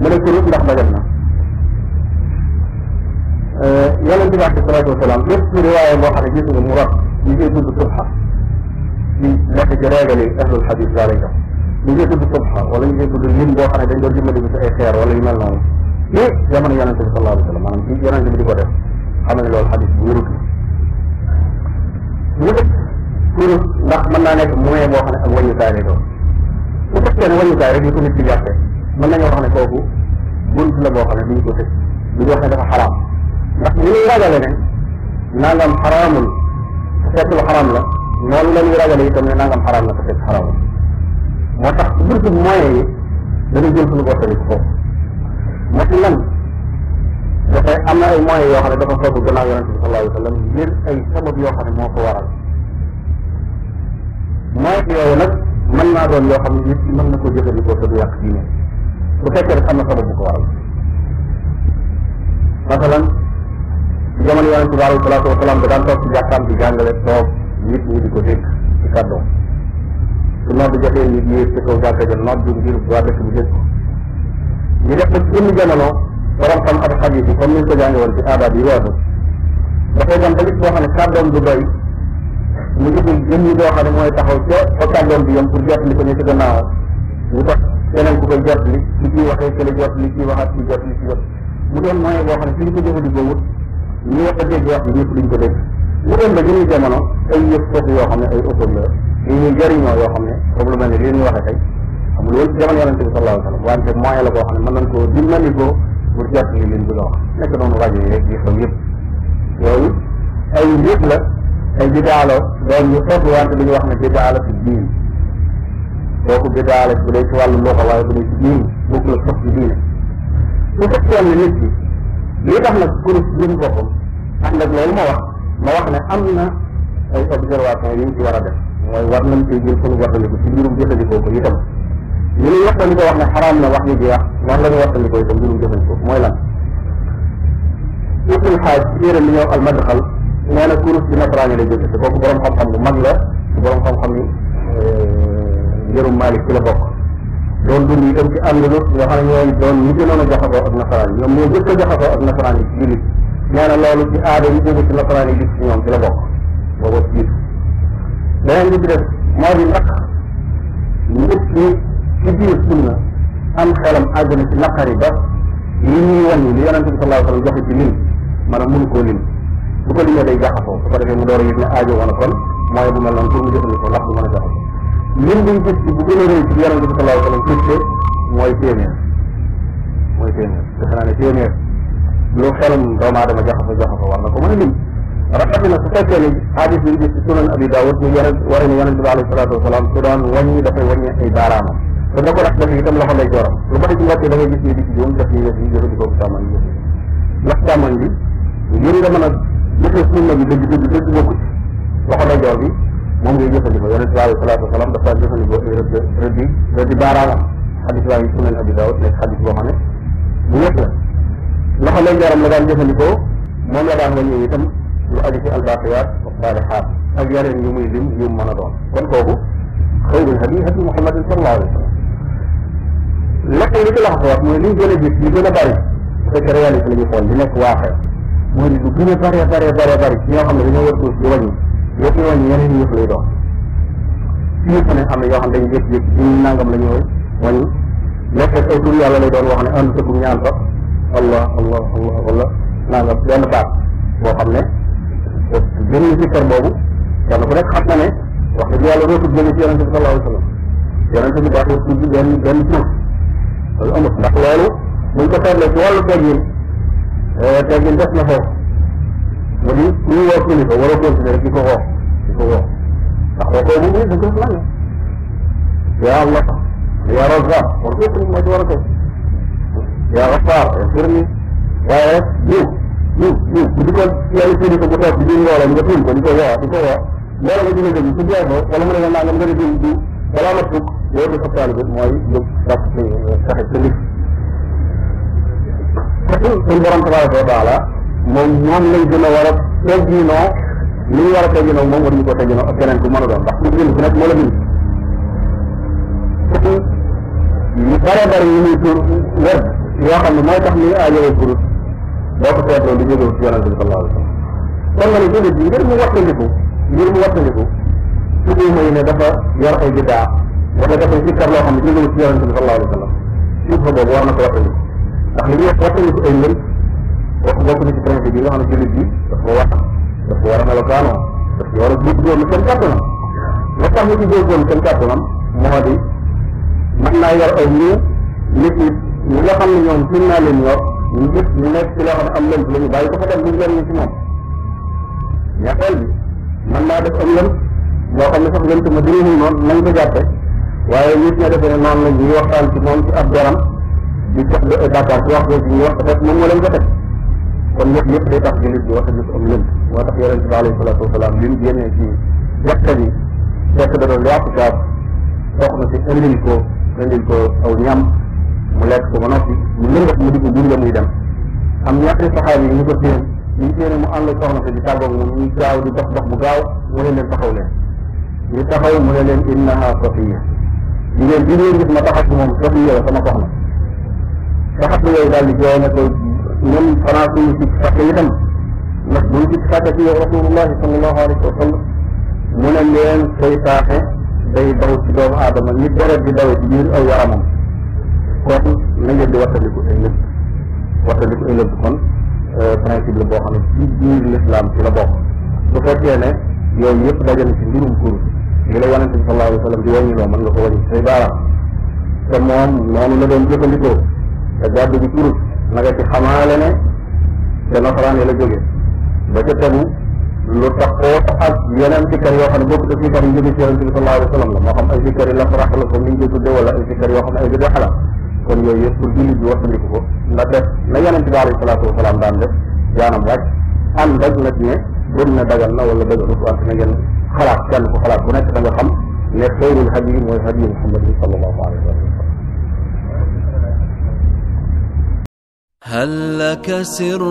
mënees yi ndax dagal na yonente bi alayhi salaatu wasalaam lépp riwaaya boo xam ne gis nga mu rab ñu ngi tudd subha ci nekk ci reegali ahlul xadis zalika ñu ngi tudd subha wala ñu ngi tudd lim boo xam ne dañ doon dimbali bi si ay xeer wala yu mel noonu mais jamono yonente bi sallallahu alayhi wasallam maanaam ci yonente bi di ko def xam ne loolu xadis bu wérut la kurus ndax mën naa nekk moyen boo xam ne ak wàññukaay lay doon bu fekkee ne wàññukaay rek ñu ko nit di jàppee mën nañoo wax ne kooku bunt la boo xam ne duñu ko tëj duñu wax ne dafa xaraam ndax ni ñuy ragale ne nangam xaraamul te fekk lu xaraam la noonu la ñuy ragale itam ne nangam xaraam la te fekk xaraamul moo tax buntu moyen yi dañuy jël suñu bopp ko foofu moo ci lan dafay am na ay moyens yoo xam ne dafa soog gannaaw yonente bi sallallahu alayhi wa sallam ngir ay sabab yoo xam ne moo ko waral moytu yooyu nag mën naa doon yoo xam ne nit ki mën na ko jëfandikoo te du yàq diine bu fekkee rek am na sabab bu ko waral masalan jamono yonente bi alayhi salaatu wasalaam da daan toog ci jàkkaam di jàngale toog nit ñi di ko dégg ci kàddoom su nodd jotee nit ñi ci kaw jàkka ja nodd ngir waa dëkk bi dégg ko ñu def nag jënd jamono borom xam-xam xadiis yi comme ni ñu ko jànge woon ci aadaab yi weesu dafay dem ba nit boo xam ne kàddoom du doy mu gisul jën yi boo xam mooy taxaw ca fa kàlloon bi yam pour li ko ñu ci gannaaw mu tax keneen ku koy jot li li ciy waxee ci la jot li ciy waxaat ci jot li ci jot mu doon moyen boo xam ne suñu ko jëfandikoo wut ñu wax ko dégg wax bi ñëpp duñ ko dégg mu doon ba jëmi jamono ay yëf yoo xam ne ay usul la yi ñuy jëriñoo yoo xam ne foofu lu mel ne lii ñu waxee tey amul woon jamono yonente bi sallallahu la boo xam ne mën nañ koo dimbalikoo pour jot li liñ bëgg a wax nekk noonu rajo yi rek yi xew yëpp yooyu ay yëpp la ay bidaa la doon ñu togg wante dañu wax ne bidaa la ci diin kooku bidaa la bu dee ci wàllu loxo waaye bu dee ci diin bokk la sax ci diine bu fekkoon ne nit ki li tax nag kurus gëm boppam ànd ak loolu ma wax ma wax ne am na ay observation yi ñu ci war a def mooy war nañ koy jël sunu wattandiku ci mbirum jëfandikoo ko itam ñu ñuy wattandikoo wax ne xaraam na wax ñu di wax war la ñu wattandikoo itam mbirum jëfandikoo mooy lan ibnul xaaj ci yéeram li ñuy wax al madxal nee na kurus ci nasaraan lay jóge te kooku borom xam-xam bu mag la borom xam-xam yi njërum Malik ci la bokk doon dund itam ci Andalus nga xam ne ñooy doon ñu gënoon a jaxasoo ak nasaraan yi ñoom ñoo jëkk a jaxasoo ak nasaraan yi ci jullit nee na loolu ci aada yi jóge ci nasaraan yi gis ci ñoom ci la bokk booba jiitu beneen bi ci def moo di ndax nit ñi ci biir sunna am xelam àgg na ci naqari ba li ñuy wan li yonente bi sallallahu alayhi wa sallam joxe ci lim maanaam mënu koo lim bu ko limee day jaxasoo bu ko defee mu door a yëg ne aajo woon kon mooy bu mel noonu pour mu jëfandikoo ndax du mën a jaxasoo lim buñ gis ci bu gën a rëy ci yonente bi wa mooy téeméer mooy téeméer defe naa ne téeméer lu xelum doomu aadama jaxasoo jaxasoo war na ko mën a lim rafet na su fekkee ne hadis bi ñu gis ci sunan abi daawud mu yonent waree ne yonente bi alayhi salaatu wasalaam su doon wàññi dafay wàññi ay ko def def itam loxo lay joram lu bari ci mbokk yi da di ci juum def ni yëf yi ko sàmmoñ bi ndax sàmmoñ bi ngir nga mën a gis sunna bi dëgg dëgg dëgg bokkut loxo dajoo bi moom ngay jëfandikoo yonente bi alayhi salaatu wasalaam dafa jëfandikoo ay rëdd rëdd yi rëdd baaraamam xadis baa ngi sunan abi daawud nekk xadis boo xam ne bu wér la loxo ndeyjooram la daan jëfandikoo moom la daan wàññi itam lu aju ci albaaqiyaat wa saalihaat ak yeneen yu muy lim yu mën a doon kon kooku xayrul hadi hadi muhammadin sallallahu alayhi wa sallam lekk li ci laxasowaat mooy liñ gën a gis li gën a bari bu fekkee réalité la ñu xool li nekk waaxee moo lu gën a bare bare bare bare ci xam ne dañoo war suuf di wàññi yëpp ñu wàññi yeneen yëf lay doon ci yëpp ne xam ne yoo xam ne dañu jékki-jékki ci nangam la ñu wàññi lépp ay tur yàlla lay doon wax ne ànd tëggum ñaan sax allah allah allah wala nangam benn baat boo xam ne benn sikkar boobu kenn ku rek xam na ne wax dëgg yàlla doo tudd ci yonente bi sallallahu alayhi wa sallam yonente bi daa ko tudd benn benn tur loolu amut ndax loolu buñ ko seetlee ci wàllu teggin Eh, teggin des na foofu mu di ñu woo kilifa war a continuer rek di ko woo di ko woo ndax boo ko mu da ko lan ya Allah ya Razzaq war ko ni moo ci war a ko ya Ghaffar ya firni waaye ñëw ñëw ñëw bu di ko yàlla kilifa bu toog di di ngoolam nga tiim ko di ko woo di ko woo ngoolam nga dina jëm su dee ko wala mu ne nga nangam nga di di balaa ma tukk yow di sa taalibe mooy jóg sax si saxit sa nit suñu borom tabaraka wa taala moom moom lañ gën a war a tegginoo li ñu war a tegginoo moom war ñu ko tegginoo ak keneen ku mën a doon ndax ku bind ku nekk moo la bind yu bare bare yu muy tur wér yoo xam ne mooy tax ni ajowoo kurut boo ko seetloo di jógee ci yonente bi sallallahu alayhi wasallam kon nga ne jullit bi ngir mu wattandiku ngir mu wattandiku tudduma yi ne dafa yor ay biddaa wala dafa sikkar loo xam ne jógee ci yonente bi sallallahu alayhi wasallam suuf boobu war na ko wattandiku ndax li ñuy wattandiku ay lël wax bokk na ci principe yi nga xam ne jullit bi daf ko war daf ko war a melokaanoo daf ko war a góorgóorlu seen kàttanam la tax ñu ci di mën naa yor ay niiw nit ñi nga xam ne ñoom mën naa leen yor ñu gis ñu nekk ci loo xam ne am lënt la ñu bàyyi ko fa dem duñ leen ñu ci moom ñetteel bi mën naa def am lënt loo xam ne sax lënt ma dinañu noonu nañ ko jàppe waaye nit ña defe ne noonu la ñuy waxtaan ci moom ci ab garam di jox la évacuation wax boobu ñu wax rek moom moo leen ko teg kon ñëpp ñëpp day tax jullit bi wax ak am lënd moo tax yonente bi alayhi salatu wasalaam li mu génnee ci jàkka bi fekk da doon yaatu gaab soxna si indil ko indil ko aw ñam mu lekk ko ba noppi mu lëngat mu dugg dund muy dem am ñaari saxaab yi ñu ko téen ñu téene mu ànd ak soxna si di tàggoog moom ñu gaaw di dox dox bu gaaw mu leen leen taxaw leen ñu taxaw mu ne leen innaha safiya jigéen bi ngeen gis ma taxaw ci moom safiya la sama soxna ba xam ne yooyu daal di jooy na ko ñun xanaa suñu si fàtte itam ndax buñ si fàtte ci yow rasulullahi sallallahu alayhi wa sallam mu ne leen say saaxe day daw ci doomu aadama ni deret di dawe ci biir aw yaramam kon na ngeen di wattandiku ay lëbb wattandiku kon euh, principe la boo xam ne ci biir l'islam ci la bokk su fekkee ne yooyu yëpp dajale ci mbirum kur li la yonente bi sallallahu alayhi wa sallam di mën nga ko wàññi ci say baaraam te moom noonu la doon jëfandikoo الباب دي ان انا جاي في حماله انا في نصران الى جوجل بجتبو لو تقوط حد ينام تكر يوحن بوك تكي كان يجب صلى الله عليه وسلم لما خم الذكر الله فرح لكم من جيت الدولة الذكر يوحن اي جدا حلا كن يسكر جيل جوات ملكه لكن لا ينام تبع عليه الصلاة والسلام دان ده يانم لك ان دجنت نيه بلنا دجلنا ولا دجل رسوان تنجل خلاص كان خلاص ونسخ نجل خم لخير الهدي والهدي محمد صلى الله عليه وسلم هل لك سر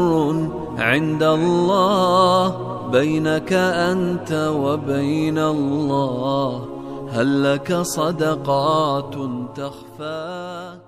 عند الله بينك أنت وبين الله هل لك صدقات تخفى